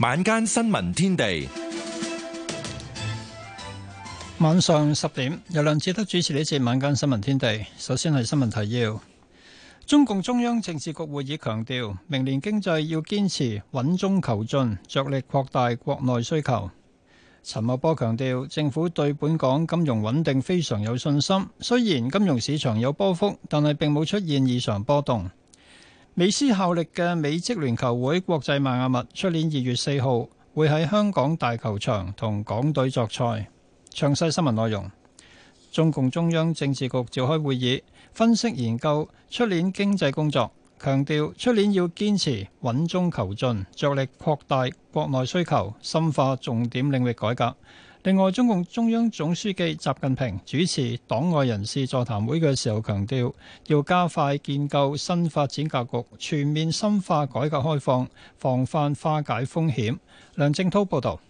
晚間新聞天地，晚上十點有梁智德主持，呢次晚間新聞天地。首先係新聞提要：中共中央政治局會議強調，明年經濟要堅持穩中求進，着力擴大國內需求。陳茂波強調，政府對本港金融穩定非常有信心，雖然金融市場有波幅，但係並冇出現異常波動。美斯效力嘅美職聯球會國際邁阿密，出年二月四號會喺香港大球場同港隊作賽。詳細新聞內容：中共中央政治局召開會議，分析研究出年經濟工作，強調出年要堅持穩中求進，着力擴大國內需求，深化重點領域改革。另外，中共中央總書記習近平主持黨外人士座談會嘅時候，強調要加快建構新發展格局，全面深化改革開放，防範化解風險。梁正濤報道。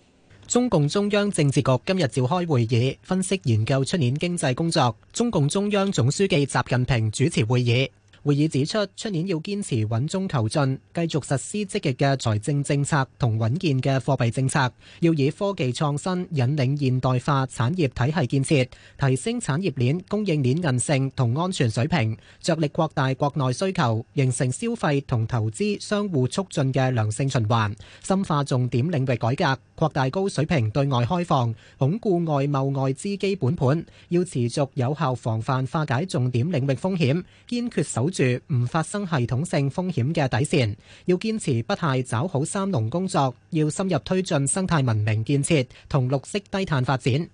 中共中央政治局今日召開會議，分析研究出年經濟工作。中共中央總書記習近平主持會議。會議指出，出年要堅持穩中求進，繼續實施積極嘅財政政策同穩健嘅貨幣政策，要以科技創新引領現代化產業體系建設，提升產業鏈供應鏈韌性同安全水平，着力擴大國內需求，形成消費同投資相互促進嘅良性循環，深化重點領域改革，擴大高水平對外開放，鞏固外貿外資基本盤，要持續有效防範化解重點領域風險，堅決守住唔發生系統性風險嘅底線，要堅持不懈抓好三農工作，要深入推進生態文明建設同綠色低碳發展。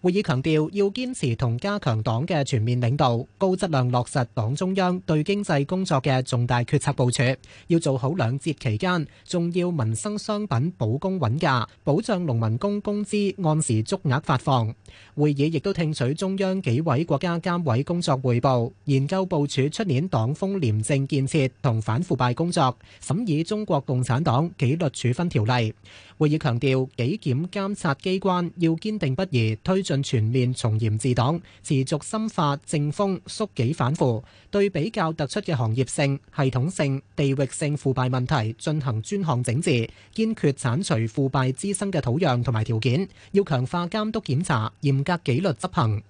會議強調要堅持同加強黨嘅全面領導，高質量落實黨中央對經濟工作嘅重大決策部署，要做好兩節期間重要民生商品保供穩價，保障農民工工資按時足額發放。會議亦都聽取中央紀委國家監委工作匯報，研究部署出年黨風廉政建設同反腐敗工作，審議《中國共產黨紀律處分條例》。會議強調，紀檢監察機關要堅定不移推進全面從嚴治黨，持續深化正風肅紀反腐，對比較突出嘅行業性、系統性、地域性腐敗問題進行專項整治，堅決鏟除腐敗滋生嘅土壤同埋條件。要強化監督檢查，嚴加紀律執行。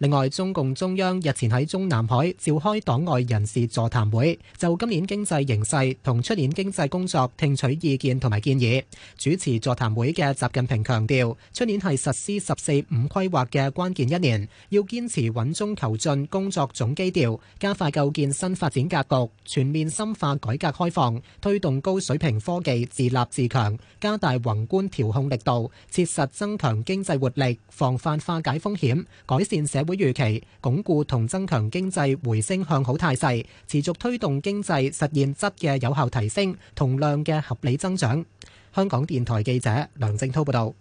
另外，中共中央日前喺中南海召開黨外人士座談會，就今年經濟形勢同出年經濟工作聽取意見同埋建議。主持座談會嘅習近平強調，出年係實施十四五規劃嘅關鍵一年，要堅持穩中求進工作總基調，加快構建新發展格局，全面深化改革開放，推動高水平科技自立自強，加大宏觀調控力度，切實增強經濟活力，防範化解風險，改善社會。會預期鞏固同增強經濟回升向好態勢，持續推動經濟實現質嘅有效提升，同量嘅合理增長，香港電台記者梁正濤報道。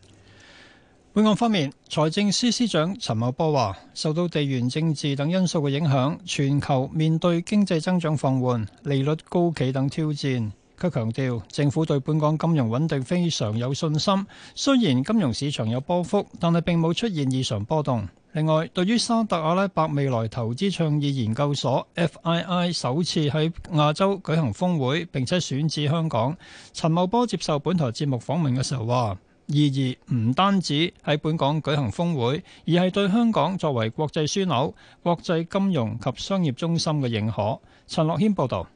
本案方面，財政司司長陳茂波話，受到地緣政治等因素嘅影響，全球面對經濟增長放緩，利率高企等挑戰，佢強調政府對本港金融穩定非常有信心，雖然金融市場有波幅，但係並冇出現異常波動。另外，對於沙特阿拉伯未來投資倡議研究所 （FII） 首次喺亞洲舉行峰會，並且選址香港，陳茂波接受本台節目訪問嘅時候話：意義唔單止喺本港舉行峰會，而係對香港作為國際樞紐、國際金融及商業中心嘅認可。陳樂軒報導，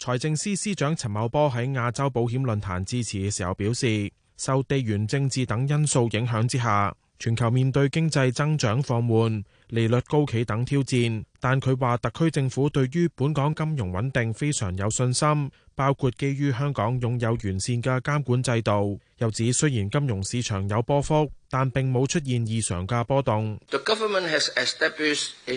財政司司長陳茂波喺亞洲保險論壇致辭嘅時候表示，受地緣政治等因素影響之下。全球面對經濟增長放緩、利率高企等挑戰，但佢話特區政府對於本港金融穩定非常有信心，包括基於香港擁有完善嘅監管制度。又指雖然金融市場有波幅，但並冇出現異常嘅波動。The government has established a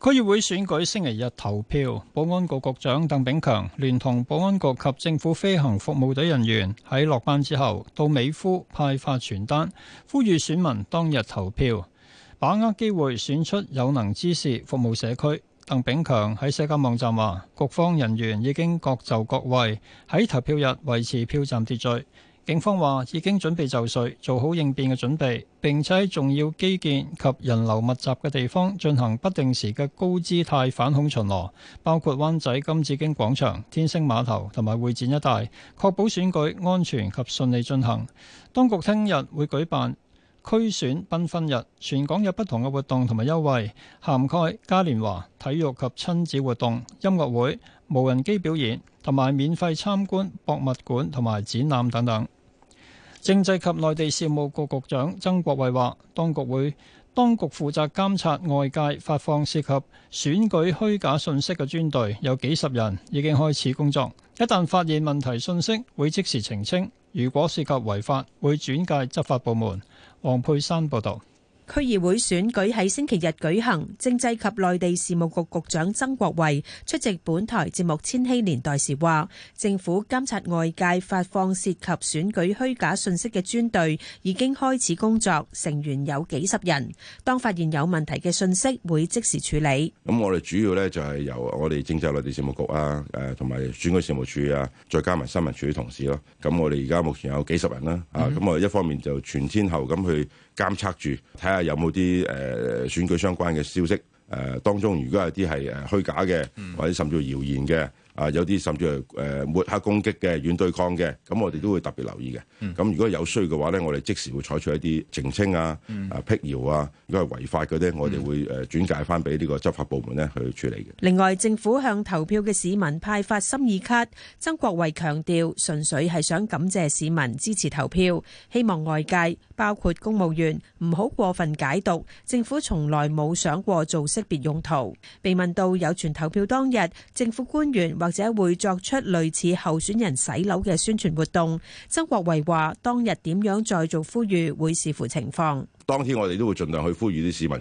區議會選舉星期日投票，保安局局長鄧炳強聯同保安局及政府飛行服務隊人員喺落班之後到美孚派發傳單，呼籲選民當日投票，把握機會選出有能之士服務社區。鄧炳強喺社交網站話，局方人員已經各就各位，喺投票日維持票站秩序。警方話已經準備就緒，做好應變嘅準備，並且喺重要基建及人流密集嘅地方進行不定時嘅高姿態反恐巡邏，包括灣仔金紫荊廣場、天星碼頭同埋會展一帶，確保選舉安全及順利進行。當局聽日會舉辦區選繽紛日，全港有不同嘅活動同埋優惠，涵蓋嘉年華、體育及親子活動、音樂會、無人機表演同埋免費參觀博物館同埋展覽等等。政制及內地事務局局長曾國衛話：當局會當局負責監察外界發放涉及選舉虛假信息嘅專隊，有幾十人已經開始工作。一旦發現問題信息，會即時澄清。如果涉及違法，會轉介執法部門。王佩珊報導。區議會選舉喺星期日舉行，政制及內地事務局局長曾國衛出席本台節目《千禧年代》時話，政府監察外界發放涉及選舉虛假信息嘅專隊已經開始工作，成員有幾十人。當發現有問題嘅信息，會即時處理。咁我哋主要呢就係由我哋政制內地事務局啊，誒同埋選舉事務處啊，再加埋新聞處嘅同事咯。咁我哋而家目前有幾十人啦，啊咁我一方面就全天候咁去。監測住睇下有冇啲誒選舉相關嘅消息誒、呃，當中如果有啲係誒虛假嘅，嗯、或者甚至係謠言嘅啊、呃，有啲甚至係誒抹黑攻擊嘅、軟對抗嘅，咁我哋都會特別留意嘅。咁、嗯、如果有需要嘅話咧，我哋即時會採取一啲澄清啊、啊辟謠啊。如果係違法嘅咧，我哋會誒轉介翻俾呢個執法部門咧去處理嘅。另外，政府向投票嘅市民派發心意卡，曾國衞強調純粹係想感謝市民支持投票，希望外界，包括公務員唔好過分解讀，政府從來冇想過做識別用途。被問到有傳投票當日，政府官員或者會作出類似候選人洗樓嘅宣傳活動，曾國衞話：當日點樣再做呼籲，會視乎情況。當天我哋都會盡量去呼籲啲市民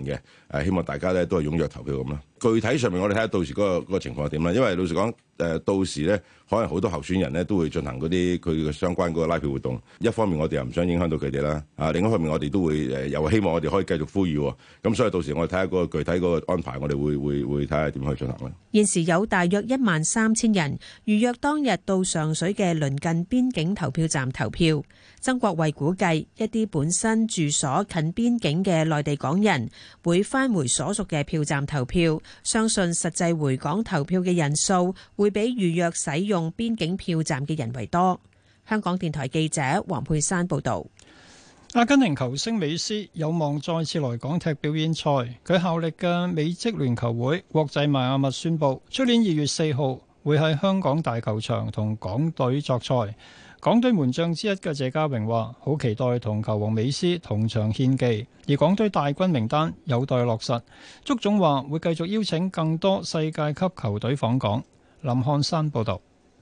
嘅，希望大家咧都係踴躍投票咁啦。具體上面，我哋睇下到時嗰個情況係點啦。因為老實講，誒到時咧，可能好多候選人咧都會進行嗰啲佢嘅相關嗰個拉票活動。一方面我哋又唔想影響到佢哋啦，啊，另一方面我哋都會誒又希望我哋可以繼續呼籲，咁所以到時我哋睇下個具體嗰個安排，我哋會會會睇下點去進行啦。現時有大約一萬三千人預約當日到上水嘅鄰近邊境投票站投票。曾國衛估計一啲本身住所近邊境嘅內地港人會翻回，回所屬嘅票站投票。相信實際回港投票嘅人數會比預約使用邊境票站嘅人為多。香港電台記者黃佩珊報導。阿根廷球星美斯有望再次來港踢表演賽。佢效力嘅美職聯球會國際邁阿密宣布，出年二月四號會喺香港大球場同港隊作賽。港隊門將之一嘅謝家榮話：好期待同球王美斯同場獻技。而港隊大軍名單有待落實。足總話會繼續邀請更多世界級球隊訪港。林漢山報導。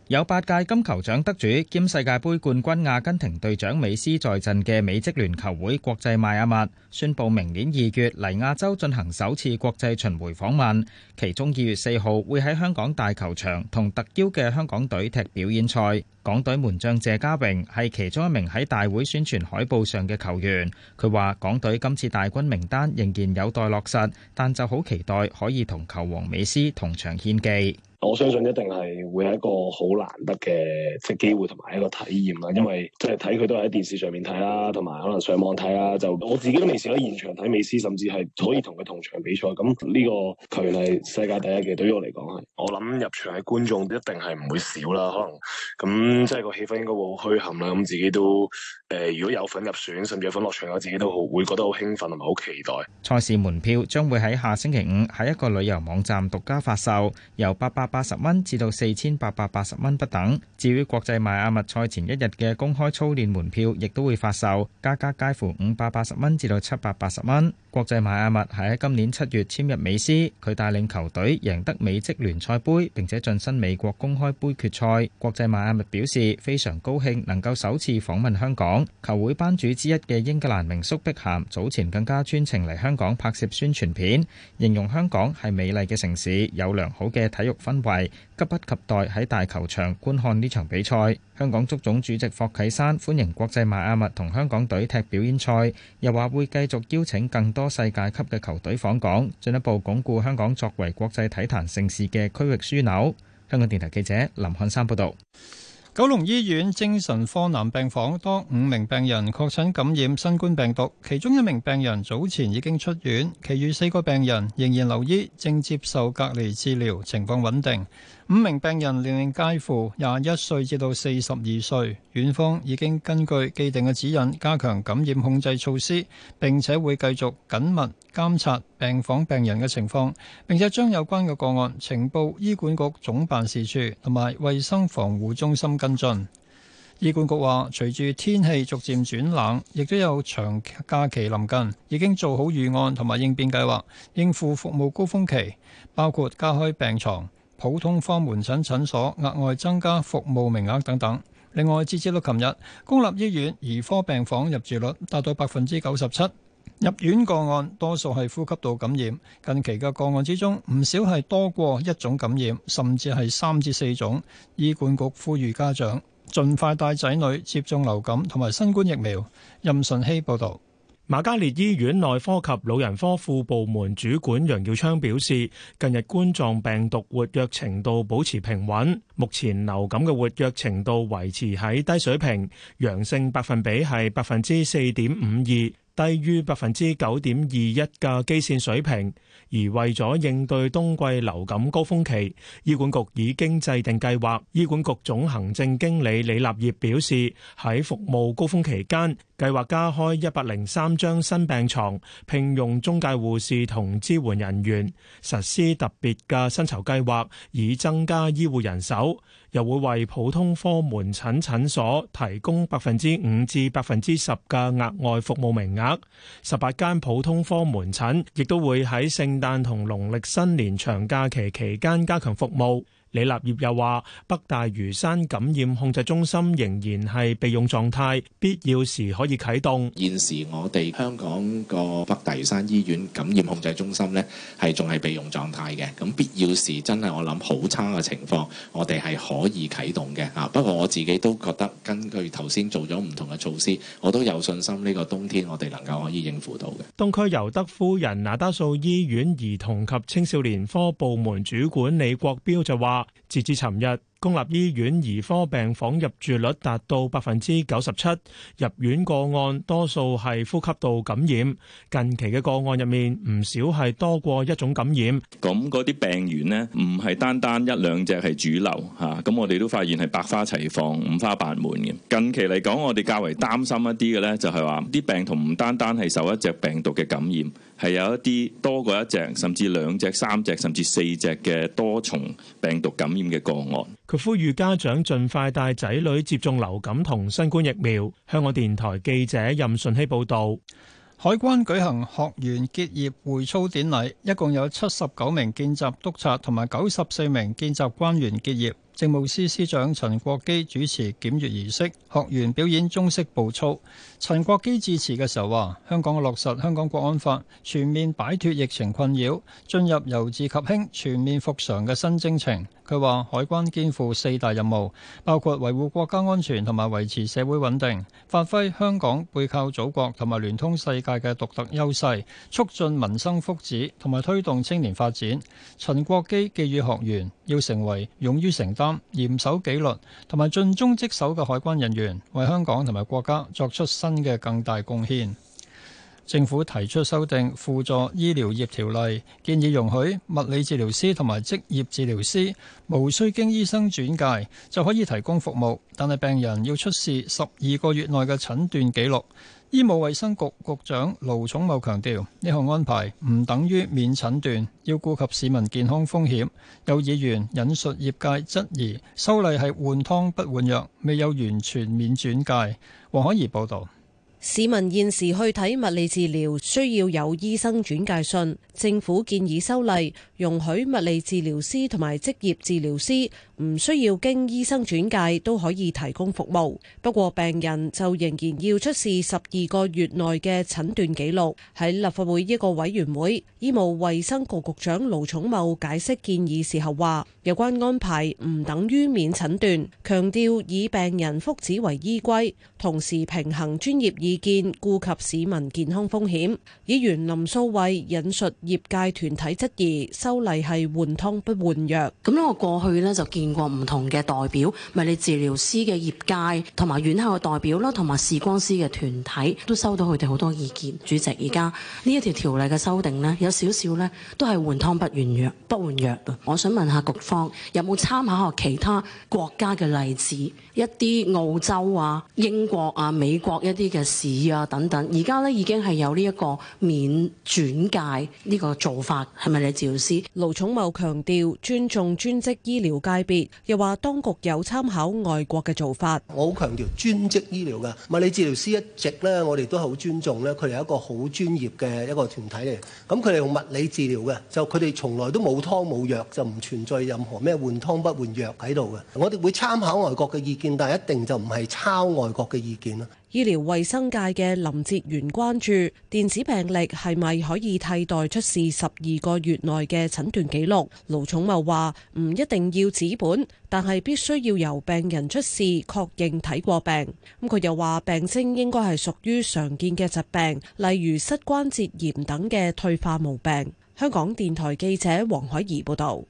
有八屆金球獎得主兼世界盃冠軍阿根廷隊長美斯在陣嘅美職聯球會國際邁阿密宣佈，明年二月嚟亞洲進行首次國際巡迴訪問，其中二月四號會喺香港大球場同特邀嘅香港隊踢表演賽。港隊門將謝家榮係其中一名喺大會宣傳海報上嘅球員。佢話：港隊今次大軍名單仍然有待落實，但就好期待可以同球王美斯同場獻技。我相信一定係會係一個好難得嘅即係機會同埋一個體驗啦。因為即係睇佢都係喺電視上面睇啦，同埋可能上網睇啦。就我自己都未試過現場睇美斯，甚至係可以同佢同場比賽。咁呢個距離世界第一嘅對於我嚟講係，我諗入場嘅觀眾一定係唔會少啦。可能咁。咁即係個氣氛應該會好墟冚啦。咁自己都誒，如果有份入選，甚至有份落場，我自己都好會覺得好興奮同埋好期待。賽事門票將會喺下星期五喺一個旅遊網站獨家發售，由八百八十蚊至到四千八百八十蚊不等。至於國際邁阿密賽前一日嘅公開操練門票，亦都會發售，價格介乎五百八十蚊至到七百八十蚊。國際邁阿密係喺今年七月簽入美斯，佢帶領球隊贏得美職聯賽杯，並且晉身美國公開杯決賽。國際邁阿密表示非常高興能夠首次訪問香港，球會班主之一嘅英格蘭名宿碧咸早前更加專程嚟香港拍攝宣傳片，形容香港係美麗嘅城市，有良好嘅體育氛圍。急不及待喺大球場觀看呢場比賽。香港足總主席霍啟山歡迎國際邁阿密同香港隊踢表演賽，又話會繼續邀請更多世界級嘅球隊訪港，進一步鞏固香港作為國際體壇盛事嘅區域樞紐。香港電台記者林漢山報道。九龍醫院精神科男病房多五名病人確診感染新冠病毒，其中一名病人早前已經出院，其餘四個病人仍然留醫，正接受隔離治療，情況穩定。五名病人年齡介乎廿一歲至到四十二歲，院方已經根據既定嘅指引加強感染控制措施，並且會繼續緊密監察病房病人嘅情況，並且將有關嘅個案呈報醫管局總辦事處同埋衛生防護中心跟進。醫管局話，隨住天氣逐漸轉冷，亦都有長假期臨近，已經做好預案同埋應變計劃，應付服務高峰期，包括加開病床。普通科門診診所額外增加服務名額等等。另外，截至到琴日公立醫院兒科病房入住率達到百分之九十七，入院個案多數係呼吸道感染。近期嘅個案之中，唔少係多過一種感染，甚至係三至四種。醫管局呼籲家長盡快帶仔女接種流感同埋新冠疫苗。任順希報導。瑪嘉烈醫院內科及老人科副部門主管楊耀昌表示，近日冠狀病毒活躍程度保持平穩，目前流感嘅活躍程度維持喺低水平，陽性百分比係百分之四點五二，低於百分之九點二一嘅基線水平。而為咗應對冬季流感高峰期，醫管局已經制定計劃。醫管局總行政經理李立業表示，喺服務高峰期間，計劃加開一百零三張新病床，聘用中介護士同支援人員，實施特別嘅薪酬計劃，以增加醫護人手。又會為普通科門診診所提供百分之五至百分之十嘅額外服務名額。十八間普通科門診亦都會喺聖誕同農曆新年長假期期間加強服務。李立業又話：北大嶼山感染控制中心仍然係備用狀態，必要時可以啟動。現時我哋香港個北大嶼山醫院感染控制中心呢，係仲係備用狀態嘅，咁必要時真係我諗好差嘅情況，我哋係可以啟動嘅嚇。不過我自己都覺得，根據頭先做咗唔同嘅措施，我都有信心呢個冬天我哋能夠可以應付到嘅。東區尤德夫人那打素醫院兒童及青少年科部門主管李國標就話。截至尋日。公立醫院兒科病房入住率達到百分之九十七，入院個案多數係呼吸道感染，近期嘅個案入面唔少係多過一種感染。咁嗰啲病源呢，唔係單單一兩隻係主流吓，咁我哋都發現係百花齊放、五花八門嘅。近期嚟講，我哋較為擔心一啲嘅咧，就係話啲病童唔單單係受一隻病毒嘅感染，係有一啲多過一隻，甚至兩隻、三隻、甚至四隻嘅多重病毒感染嘅個案。呼籲家長盡快帶仔女接種流感同新冠疫苗。香港電台記者任順希報道：海關舉行學員結業匯操典禮，一共有七十九名見習督察同埋九十四名見習關員結業。政務司司長陳國基主持檢閱儀式，學員表演中式步操。陳國基致辭嘅時候話：香港嘅落實香港國安法，全面擺脫疫情困擾，進入由治及興、全面復常嘅新征程。佢話海關肩負四大任務，包括維護國家安全同埋維持社會穩定，發揮香港背靠祖國同埋聯通世界嘅獨特優勢，促進民生福祉同埋推動青年發展。陳國基寄語學員：要成為勇於承擔，嚴守紀律同埋盡忠職守嘅海關人員，為香港同埋國家作出新嘅更大貢獻。政府提出修訂輔助醫療業條例，建議容許物理治療師同埋職業治療師無需經醫生轉介就可以提供服務，但係病人要出示十二個月內嘅診斷記錄。醫務衛生局局長盧寵茂強調，呢項安排唔等於免診斷，要顧及市民健康風險。有議員引述業界質疑，修例係換湯不換藥，未有完全免轉介。黃海怡報道。市民現時去睇物理治療需要有醫生轉介信，政府建議修例容許物理治療師同埋職業治療師唔需要經醫生轉介都可以提供服務。不過病人就仍然要出示十二個月內嘅診斷記錄。喺立法會一個委員會，醫務衛生局局長盧寵茂解釋建議時候話：有關安排唔等於免診斷，強調以病人福祉為依歸，同時平衡專業意見，顧及市民健康風險。議員林素蔚引述業界團體質疑修例係換湯不換藥。咁我過去呢就見過唔同嘅代表，物理治療師嘅業界同埋院校嘅代表啦，同埋視光師嘅團體都收到佢哋好多意見。主席，而家呢一條條例嘅修訂呢，有少少呢都係換湯不換藥，不換藥，我想問下局方。有冇參考下其他國家嘅例子？一啲澳洲啊、英國啊、美國一啲嘅市啊等等，而家呢已經係有呢一個免轉介呢個做法，係咪理治療師？盧寵茂強調尊重專職醫療界別，又話當局有參考外國嘅做法。我好強調專職醫療㗎，物理治療師一直呢，我哋都好尊重呢，佢哋係一個好專業嘅一個團體嚟。咁佢哋用物理治療嘅，就佢哋從來都冇湯冇藥，就唔存在任何咩換湯不換藥喺度嘅？我哋會參考外國嘅意見，但係一定就唔係抄外國嘅意見啦。醫療衞生界嘅林哲源關注電子病歷係咪可以替代出示十二個月內嘅診斷記錄？盧寵茂話唔一定要紙本，但係必須要由病人出示確認睇過病。咁佢又話病徵應該係屬於常見嘅疾病，例如膝關節炎等嘅退化毛病。香港電台記者黃海怡報導。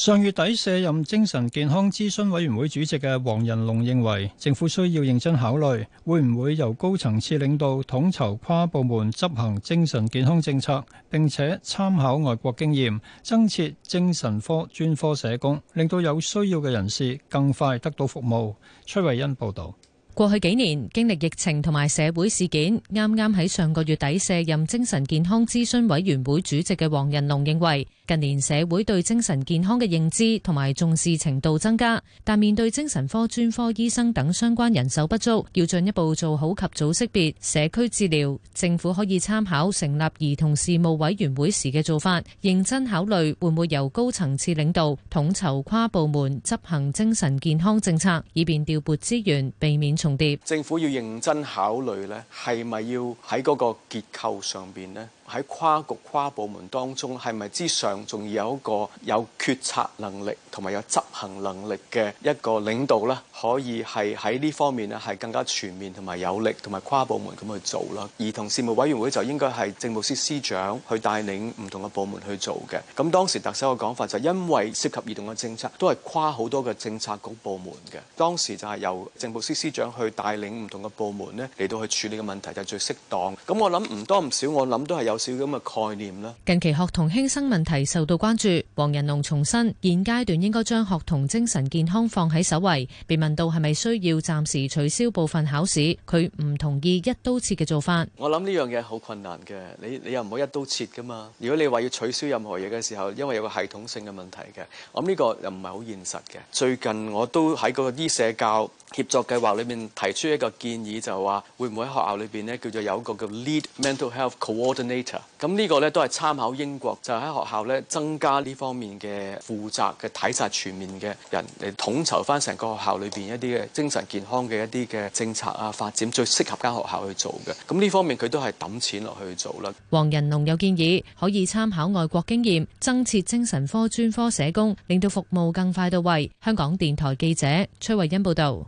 上月底卸任精神健康諮詢委員會主席嘅黃仁龍認為政府需要認真考慮會唔會由高層次領導統籌跨部門執行精神健康政策，並且參考外國經驗增設精神科專科社工，令到有需要嘅人士更快得到服務，崔慧欣報道。過去幾年經歷疫情同埋社會事件，啱啱喺上個月底卸任精神健康諮詢委員會主席嘅黃仁龍認為。近年社會對精神健康嘅認知同埋重視程度增加，但面對精神科專科醫生等相關人手不足，要進一步做好及早識別、社區治療，政府可以參考成立兒童事務委員會時嘅做法，認真考慮會唔會由高層次領導統籌跨部門執行精神健康政策，以便調撥資源，避免重疊。政府要認真考慮呢係咪要喺嗰個結構上邊呢？喺跨局跨部門當中，係咪之上仲有一個有決策能力同埋有執行能力嘅一個領導咧？可以係喺呢方面咧，係更加全面同埋有力同埋跨部門咁去做啦。兒童事務委員會就應該係政務司司長去帶領唔同嘅部門去做嘅。咁當時特首嘅講法就因為涉及兒童嘅政策，都係跨好多嘅政策局部門嘅。當時就係由政務司司長去帶領唔同嘅部門咧，嚟到去處理嘅問題就最適當。咁我諗唔多唔少，我諗都係有少少咁嘅概念啦。近期學童輕生問題受到關注，黃仁龍重申現階段應該將學童精神健康放喺首位，被問度係咪需要暫時取消部分考試？佢唔同意一刀切嘅做法。我諗呢樣嘢好困難嘅，你你又唔好一刀切噶嘛。如果你話要取消任何嘢嘅時候，因為有個系統性嘅問題嘅，咁呢個又唔係好現實嘅。最近我都喺醫社教協作計劃裏面提出一個建議，就話會唔會喺學校裏邊咧叫做有一個叫 Lead Mental Health Coordinator。咁呢個咧都係參考英國就喺學校咧增加呢方面嘅負責嘅體察全面嘅人嚟統籌翻成個學校裏邊一啲嘅精神健康嘅一啲嘅政策啊，發展最適合間學校去做嘅。咁呢方面佢都係抌錢落去做啦。黃仁龍又建議可以參考外國經驗增設精神科專科社工，令到服務更快到位。香港電台記者崔慧欣報道。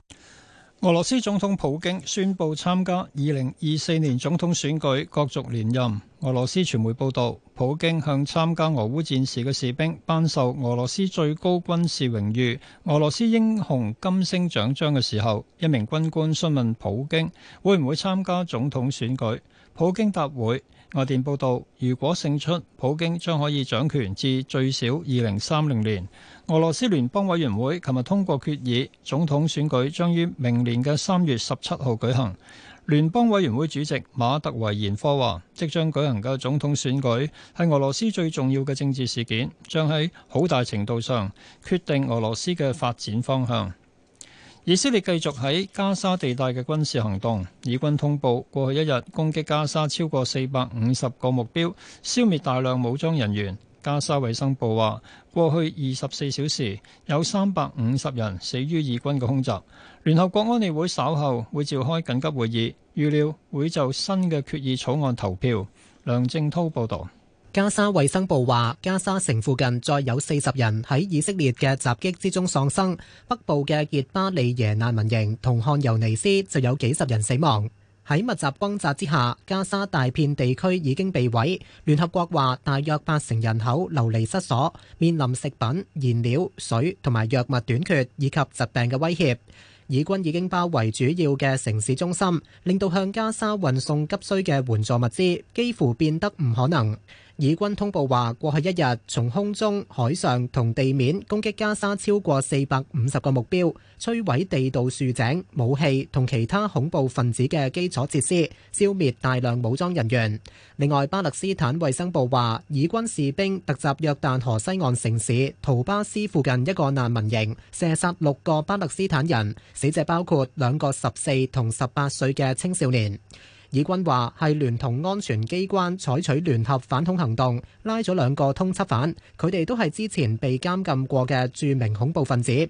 俄羅斯總統普京宣布參加二零二四年總統選舉，角逐連任。俄羅斯傳媒報道，普京向參加俄烏戰事嘅士兵頒授俄羅斯最高軍事榮譽俄羅斯英雄金星獎章嘅時候，一名軍官詢問普京會唔會參加總統選舉，普京答會。外電報道，如果勝出，普京將可以掌權至最少二零三零年。俄羅斯聯邦委員會琴日通過決議，總統選舉將於明年嘅三月十七號舉行。聯邦委員會主席馬德維延科話，即將舉行嘅總統選舉係俄羅斯最重要嘅政治事件，將喺好大程度上決定俄羅斯嘅發展方向。以色列繼續喺加沙地帶嘅軍事行動，以軍通報過去一日攻擊加沙超過四百五十個目標，消滅大量武裝人員。加沙衛生部話，過去二十四小時有三百五十人死於以軍嘅空襲。聯合國安理會稍後會召開緊急會議，預料會就新嘅決議草案投票。梁正濤報道。加沙衛生部話，加沙城附近再有四十人喺以色列嘅襲擊之中喪生。北部嘅熱巴利耶難民營同漢尤尼斯就有幾十人死亡。喺密集轟炸之下，加沙大片地區已經被毀。聯合國話，大約八成人口流離失所，面臨食品、燃料、水同埋藥物短缺以及疾病嘅威脅。以軍已經包圍主要嘅城市中心，令到向加沙運送急需嘅援助物資幾乎變得唔可能。以軍通報話，過去一日從空中、海上同地面攻擊加沙超過四百五十個目標，摧毀地道、豎井、武器同其他恐怖分子嘅基礎設施，消滅大量武裝人員。另外，巴勒斯坦衛生部話，以軍士兵突襲約旦河西岸城市圖巴斯附近一個難民營，射殺六個巴勒斯坦人，死者包括兩個十四同十八歲嘅青少年。以軍話係聯同安全機關採取聯合反恐行動，拉咗兩個通緝犯，佢哋都係之前被監禁過嘅著名恐怖分子。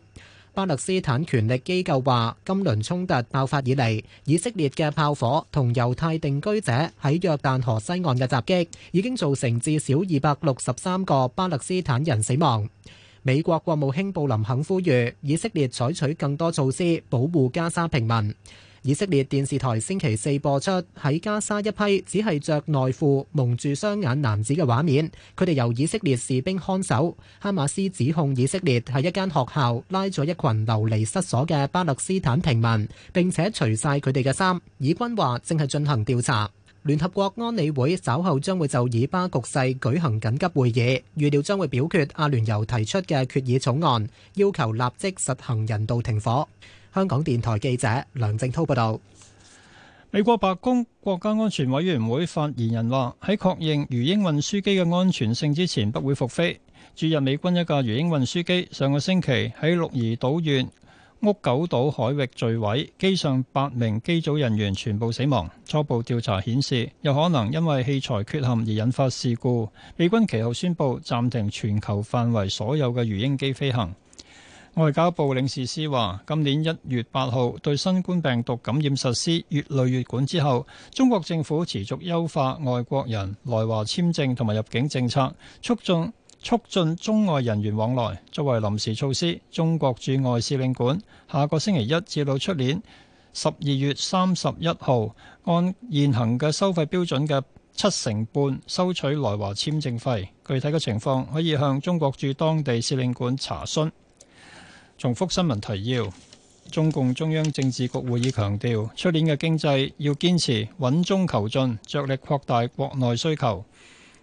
巴勒斯坦權力機構話，今輪衝突爆發以嚟，以色列嘅炮火同猶太定居者喺約旦河西岸嘅襲擊，已經造成至少二百六十三個巴勒斯坦人死亡。美國國務卿布林肯呼籲以色列採取更多措施保護加沙平民。以色列電視台星期四播出喺加沙一批只係着內褲、蒙住雙眼男子嘅畫面，佢哋由以色列士兵看守。哈馬斯指控以色列喺一間學校拉咗一群流離失所嘅巴勒斯坦平民，並且除晒佢哋嘅衫。以軍話正係進行調查。聯合國安理會稍後將會就以巴局勢舉行緊急會議，預料將會表決阿聯酋提出嘅決議草案，要求立即實行人道停火。香港電台記者梁正濤報道，美國白宮國家安全委員會發言人話：喺確認魚鷹運輸機嘅安全性之前，不會復飛。駐日美軍一架魚鷹運輸機上個星期喺鹿兒島縣屋久島海域墜毀，機上八名機組人員全部死亡。初步調查顯示，有可能因為器材缺陷而引發事故。美軍其後宣布暫停全球範圍所有嘅魚鷹機飛行。外交部領事司話：今年一月八號對新冠病毒感染實施乙類乙管之後，中國政府持續優化外國人來華簽證同埋入境政策，促進促進中外人員往來。作為臨時措施，中國駐外使領館下個星期一至到出年十二月三十一號，按現行嘅收費標準嘅七成半收取來華簽證費。具體嘅情況可以向中國駐當地使領館查詢。重複新聞提要：中共中央政治局會議強調，出年嘅經濟要堅持穩中求進，着力擴大國內需求。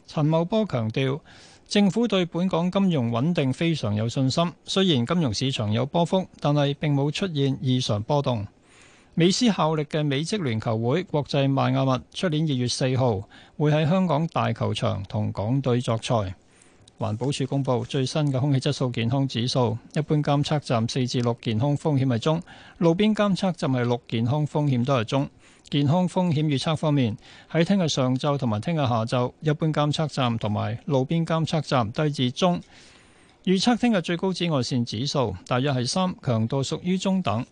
陳茂波強調，政府對本港金融穩定非常有信心，雖然金融市場有波幅，但係並冇出現異常波動。美斯效力嘅美職聯球會國際邁阿密出年二月四號會喺香港大球場同港隊作賽。環保署公布最新嘅空氣質素健康指數，一般監測站四至六健康風險係中，路邊監測站係六健康風險都係中。健康風險預測方面，喺聽日上晝同埋聽日下晝，一般監測站同埋路邊監測站低至中。預測聽日最高紫外線指數大約係三，強度屬於中等。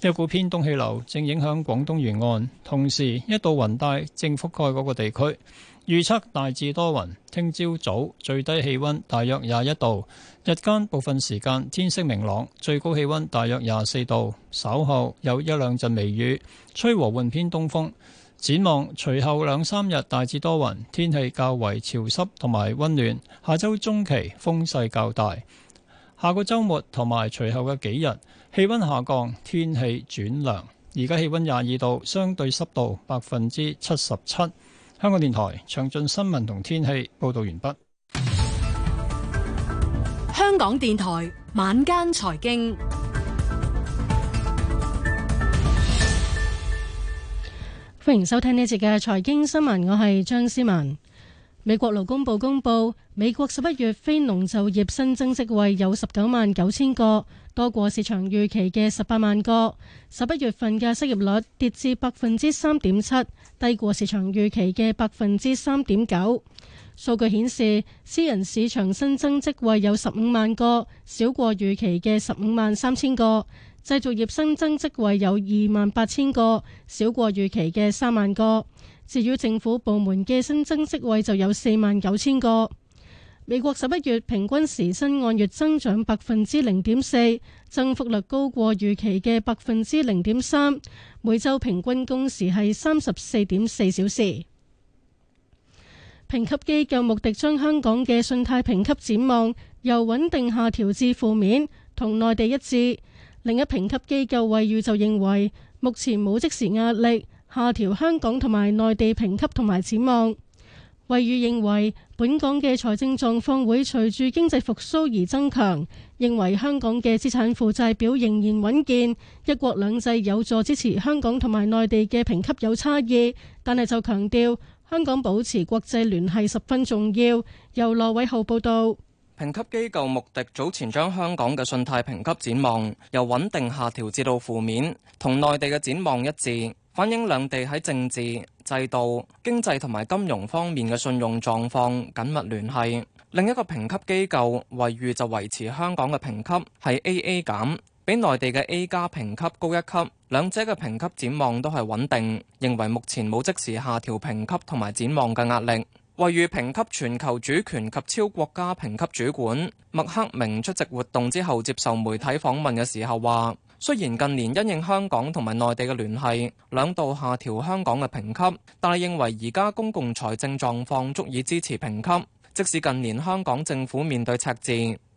一股偏東氣流正影響廣東沿岸，同時一道雲帶正覆蓋嗰個地區。預測大致多雲，聽朝早，早最低氣溫大約廿一度，日間部分時間天色明朗，最高氣溫大約廿四度，稍後有一兩陣微雨，吹和緩偏東風。展望隨後兩三日大致多雲，天氣較為潮濕同埋溫暖。下周中期風勢較大，下個周末同埋隨後嘅幾日氣溫下降，天氣轉涼。而家氣溫廿二度，相對濕度百分之七十七。香港電台詳盡新聞同天氣報道完畢。香港電台晚間財經，歡迎收聽呢一節嘅財經新聞，我係張思文。美國勞工部公布，美國十一月非農就業新增職位有十九萬九千個，多過市場預期嘅十八萬個。十一月份嘅失業率跌至百分之三點七，低過市場預期嘅百分之三點九。數據顯示，私人市場新增職位有十五萬個，少過預期嘅十五萬三千個。製造業新增職位有二萬八千個，少過預期嘅三萬個。至於政府部門嘅新增職位就有四萬九千個。美國十一月平均時薪按月增長百分之零點四，增幅率高過預期嘅百分之零點三。每週平均工時係三十四點四小時。評級機構穆迪將香港嘅信貸評級展望由穩定下調至負面，同內地一致。另一評級機構惠譽就認為目前冇即時壓力。下調香港同埋內地評級同埋展望，惠譽認為本港嘅財政狀況會隨住經濟復蘇而增強，認為香港嘅資產負債表仍然穩健，一國兩制有助支持香港同埋內地嘅評級有差異，但係就強調香港保持國際聯繫十分重要。由羅偉浩報道，評級機構穆迪早前將香港嘅信貸評級展望由穩定下調至到負面，同內地嘅展望一致。反映兩地喺政治制度、經濟同埋金融方面嘅信用狀況緊密聯繫，另一個評級機構惠譽就維持香港嘅評級係 AA 減，比內地嘅 A 加評級高一級。兩者嘅評級展望都係穩定，認為目前冇即時下調評級同埋展望嘅壓力。惠譽評級全球主權及超國家評級主管麥克明出席活動之後接受媒體訪問嘅時候話雖然近年因應香港同埋內地嘅聯繫，兩度下調香港嘅評級，但係認為而家公共財政狀況足以支持評級，即使近年香港政府面對赤字。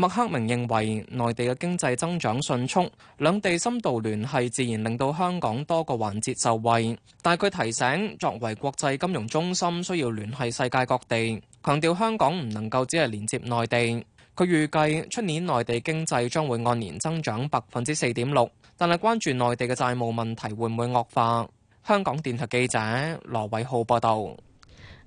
麥克明認為內地嘅經濟增長迅速，兩地深度聯繫自然令到香港多個環節受惠，但係佢提醒，作為國際金融中心，需要聯繫世界各地，強調香港唔能夠只係連接內地。佢預計出年內地經濟將會按年增長百分之四點六，但係關注內地嘅債務問題會唔會惡化。香港電台記者羅偉浩報道。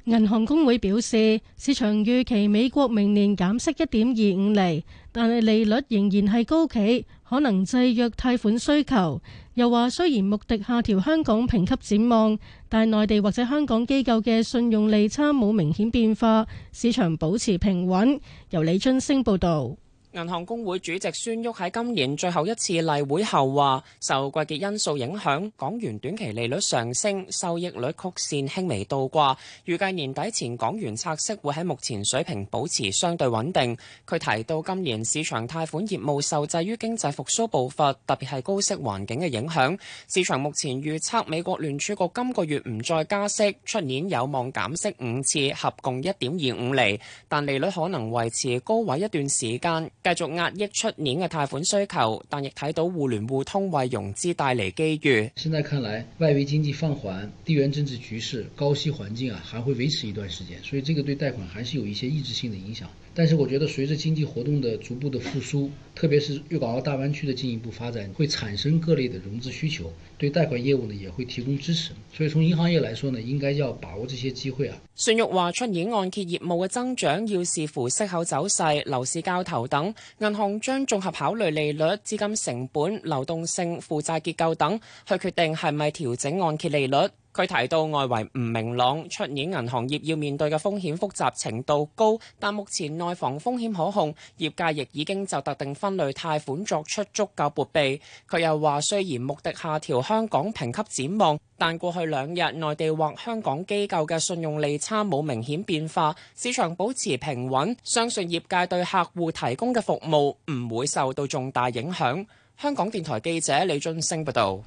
銀行公會表示，市場預期美國明年減息一點二五厘，但係利率仍然係高企，可能制約貸款需求。又話雖然穆迪下調香港評級展望，但內地或者香港機構嘅信用利差冇明顯變化，市場保持平穩。由李俊升報道。銀行公會主席孫旭喺今年最後一次例會後話，受季節因素影響，港元短期利率上升，收益率曲線輕微倒掛。預計年底前港元拆息會喺目前水平保持相對穩定。佢提到，今年市場貸款業務受制於經濟復蘇步伐，特別係高息環境嘅影響。市場目前預測美國聯儲局今個月唔再加息，出年有望減息五次，合共一點二五厘，但利率可能維持高位一段時間。繼續壓抑出年嘅貸款需求，但亦睇到互聯互通為融資帶嚟機遇。現在看來，外圍經濟放緩、地緣政治局勢、高息環境啊，還會維持一段時間，所以這個對貸款還是有一些抑制性嘅影響。但是我覺得，隨着經濟活動的逐步的復蘇，特別是粵港澳大灣區的進一步發展，會產生各類的融資需求，對貸款業務呢也會提供支持。所以從銀行業來說呢，應該要把握這些機會啊。孫玉華出現按揭業務嘅增長，要視乎息口走勢、樓市交投等，銀行將綜合考慮利率、資金成本、流動性、負債結構等，去決定係咪調整按揭利率。佢提到外圍唔明朗，出年銀行業要面對嘅風險複雜程度高，但目前內房風險可控，業界亦已經就特定分類貸款作出足夠撥備。佢又話，雖然穆迪下調香港評級展望，但過去兩日內地或香港機構嘅信用利差冇明顯變化，市場保持平穩，相信業界對客戶提供嘅服務唔會受到重大影響。香港電台記者李俊升報道。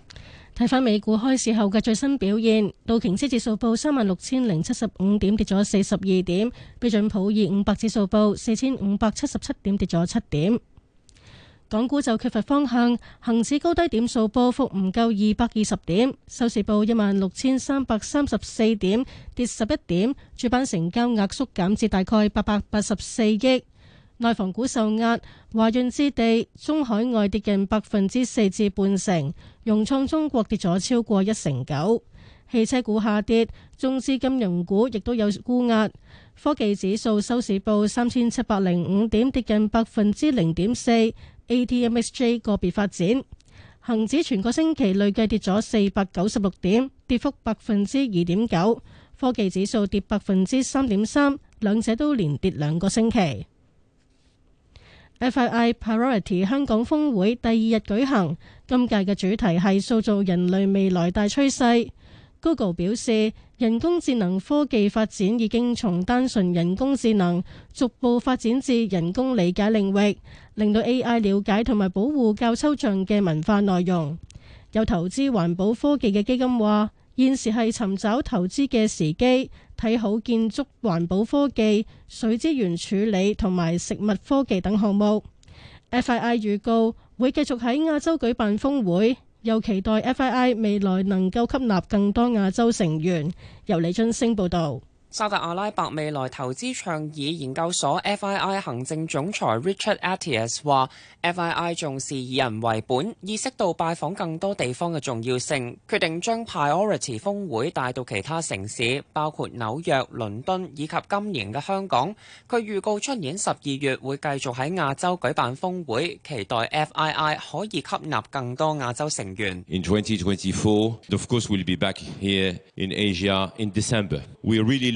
睇翻美股開市後嘅最新表現，道瓊斯指數報三萬六千零七十五點，跌咗四十二點；標準普爾五百指數報四千五百七十七點，跌咗七點。港股就缺乏方向，恒指高低點數波幅唔夠二百二十點，收市報一萬六千三百三十四點，跌十一點。主板成交額縮減至大概八百八十四億。內房股受壓，華潤置地、中海外跌近百分之四至半成，融創中國跌咗超過一成九。汽車股下跌，中資金融股亦都有沽壓。科技指數收市報三千七百零五點，跌近百分之零點四。ATMSJ 個別發展，恒指全個星期累計跌咗四百九十六點，跌幅百分之二點九。科技指數跌百分之三點三，兩者都連跌兩個星期。FII Priority 香港峰會第二日舉行，今屆嘅主題係塑造人類未來大趨勢。Google 表示，人工智能科技發展已經從單純人工智能逐步發展至人工理解領域，令到 AI 了解同埋保護較抽象嘅文化內容。有投資環保科技嘅基金話，現時係尋找投資嘅時機。睇好建築、環保科技、水資源處理同埋食物科技等項目。FII 預告會繼續喺亞洲舉辦峰會，又期待 FII 未來能夠吸納更多亞洲成員。由李津升報導。沙特阿拉伯未來投資倡議研究所 FII 行政總裁 Richard Attias 話：FII 重視以人為本，意識到拜訪更多地方嘅重要性，決定將 Priority 峰會帶到其他城市，包括紐約、倫敦以及今年嘅香港。佢預告出年十二月會繼續喺亞洲舉辦峰會，期待 FII fii 可以吸納更多亞洲成員。In 2024, of course, we'll be back here in Asia in December. We're really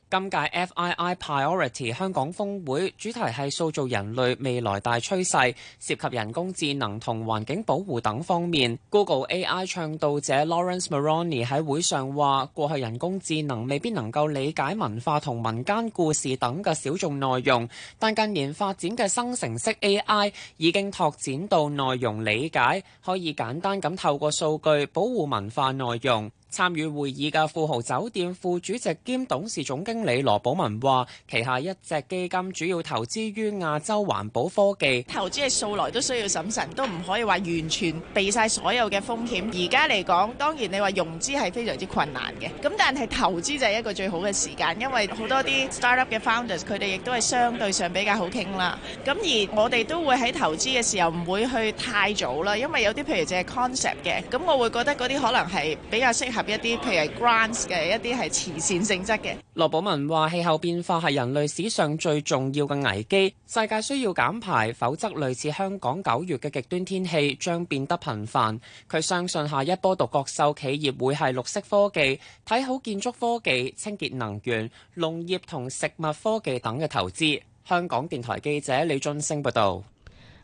今屆 FII Priority 香港峰會主題係塑造人類未來大趨勢，涉及人工智能同環境保護等方面。Google AI 倡導者 Laurence Moroney 喺會上話：過去人工智能未必能夠理解文化同民間故事等嘅小眾內容，但近年發展嘅生成式 AI 已經拓展到內容理解，可以簡單咁透過數據保護文化內容。參與會議嘅富豪酒店副主席兼董事總經理羅寶文話，旗下一隻基金主要投資於亞洲環保科技。投資係素來都需要審慎，都唔可以話完全避曬所有嘅風險。而家嚟講，當然你話融資係非常之困難嘅，咁但係投資就係一個最好嘅時間，因為好多啲 startup 嘅 founders 佢哋亦都係相對上比較好傾啦。咁而我哋都會喺投資嘅時候唔會去太早啦，因為有啲譬如淨係 concept 嘅，咁我會覺得嗰啲可能係比較適合。一啲，譬如係 grants 嘅一啲係慈善性質嘅。羅寶文話：氣候變化係人類史上最重要嘅危機，世界需要減排，否則類似香港九月嘅極端天氣將變得頻繁。佢相信下一波獨角獸企業會係綠色科技、睇好建築科技、清潔能源、農業同食物科技等嘅投資。香港電台記者李俊升報道。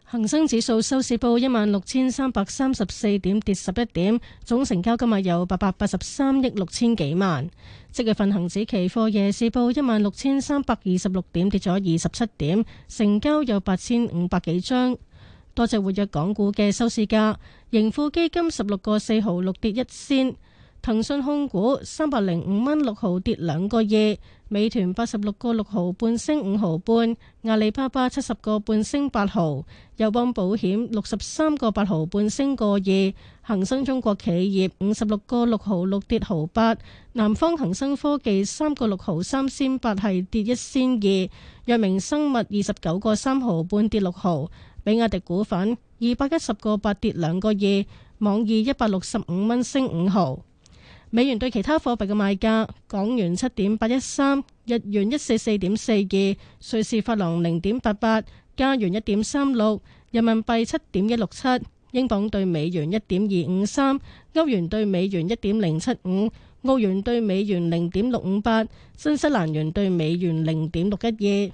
恒生指數收市報一萬六千三百三十四點，跌十一點，總成交今日有八百八十三億六千幾萬。即月份恒指期貨夜市報一萬六千三百二十六點，跌咗二十七點，成交有八千五百幾張。多隻活躍港股嘅收市價，盈富基金十六個四毫六跌一仙。6, 1, 騰訊控股三百零五蚊六毫跌兩個二，美團八十六個六毫半升五毫半，阿里巴巴七十個半升八毫，友邦保險六十三個八毫半升個二，恒生中國企業五十六個六毫六跌毫八，南方恒生科技三個六毫三先八係跌一先二，藥明生物二十九個三毫半跌六毫，比亞迪股份二百一十個八跌兩個二，網易一百六十五蚊升五毫。美元對其他貨幣嘅賣價：港元七點八一三，日元一四四點四二，瑞士法郎零點八八，加元一點三六，人民幣七點一六七，英鎊對美元一點二五三，歐元對美元一點零七五，澳元對美元零點六五八，新西蘭元對美元零點六一二。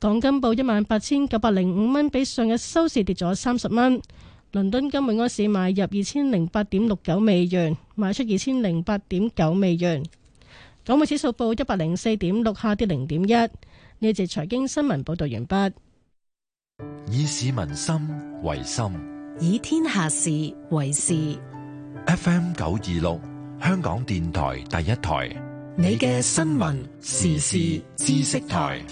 港金報一萬八千九百零五蚊，比上日收市跌咗三十蚊。倫敦金每安士買入二千零八點六九美元，賣出二千零八點九美元。港匯指數報一百零四點六，下跌零點一。呢節財經新聞報道完畢。以市民心為心，以天下事為事。FM 九二六，香港電台第一台。你嘅新聞時事知識台。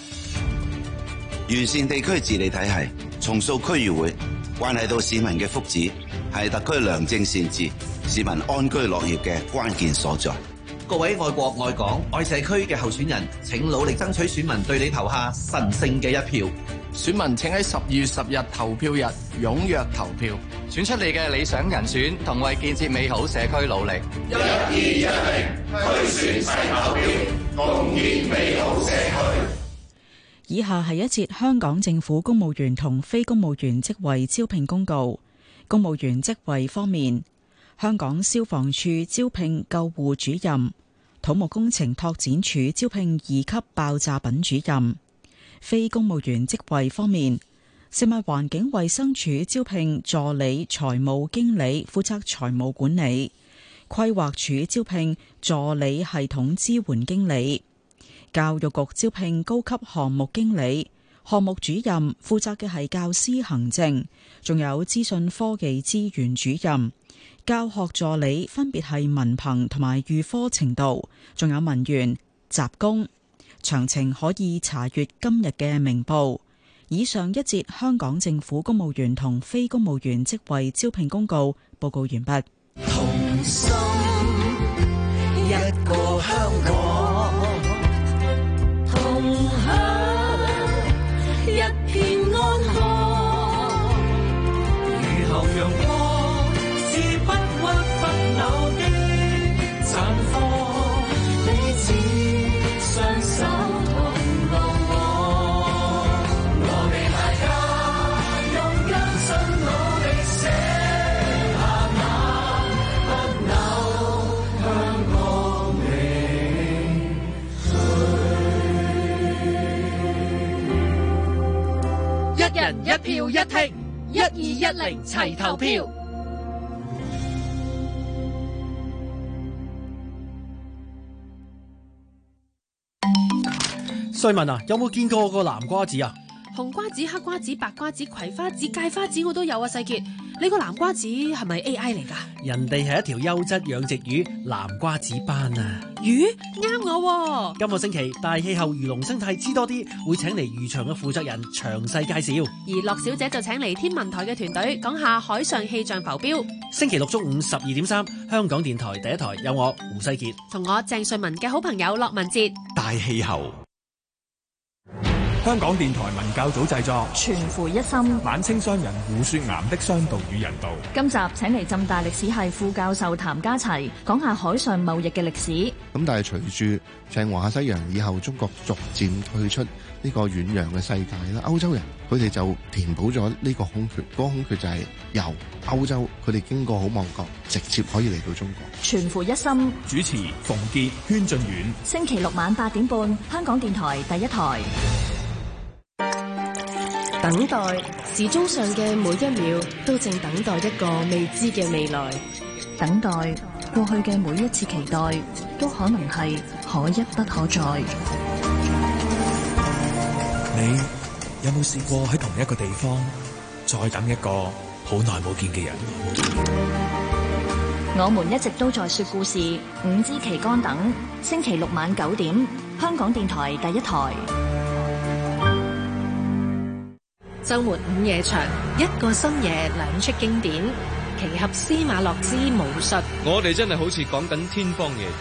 完善地區治理體系，重塑區議會。關係到市民嘅福祉，係特區良政善治、市民安居樂業嘅關鍵所在。各位愛國愛港愛社區嘅候選人，請努力爭取選民對你投下神聖嘅一票。選民請喺十以下係一節香港政府公務員同非公務員職位招聘公告。公務員職位方面，香港消防處招聘救護主任；土木工程拓展處招聘二級爆炸品主任。非公務員職位方面，食物環境衛生署招聘助理財務經理，負責財務管理；規劃署招聘助理系統支援經理。教育局招聘高級項目經理、項目主任，負責嘅係教師行政，仲有資訊科技資源主任、教學助理分別係文憑同埋預科程度，仲有文員、雜工。詳情可以查閱今日嘅明報。以上一節香港政府公務員同非公務員職位招聘公告，報告完畢。同心一個香港。一聽一二一零齊投票。瑞文啊，有冇見過我個南瓜子啊？紅瓜子、黑瓜子、白瓜子、葵花子、芥花子，花子我都有啊，細杰。你個南瓜子係咪 A I 嚟噶？人哋係一條優質養殖魚，南瓜子斑啊！魚啱、呃、我、啊、今個星期，大氣候魚龍生態知多啲，會請嚟漁場嘅負責人詳細介紹。而駱小姐就請嚟天文台嘅團隊講下海上氣象浮標。星期六中午十二點三，3, 香港電台第一台有我胡世杰同我鄭瑞文嘅好朋友駱文哲。大氣候。香港電台文教組製作《全乎一心》，晚清商人胡雪巖的商道與人道。今集請嚟浸大歷史系副教授譚家齊講下海上貿易嘅歷史。咁但係，隨住鄭和下西洋以後，中國逐漸退出呢個遠洋嘅世界啦。歐洲人佢哋就填補咗呢個空缺，嗰空缺就係由歐洲佢哋經過好望角，直接可以嚟到中國。《全乎一心》，主持馮杰、軒俊遠，星期六晚八點半，香港電台第一台。等待，時鐘上嘅每一秒，都正等待一個未知嘅未來。等待，過去嘅每一次期待，都可能係可一不可再。你有冇試過喺同一個地方再等一個好耐冇見嘅人？我們一直都在說故事，五枝旗桿五支旗桿等，星期六晚九點，香港電台第一台。周末午夜場，一個深夜兩齣經典，奇俠司馬諾之武術。術我哋真係好似講緊天方夜譚，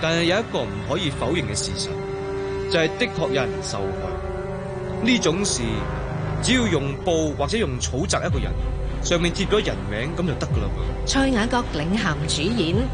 但係有一個唔可以否認嘅事實，就係、是、的確有人受害。呢種事，只要用布或者用草紮一個人，上面貼咗人名咁就得噶啦。蔡雅閣領銜主演。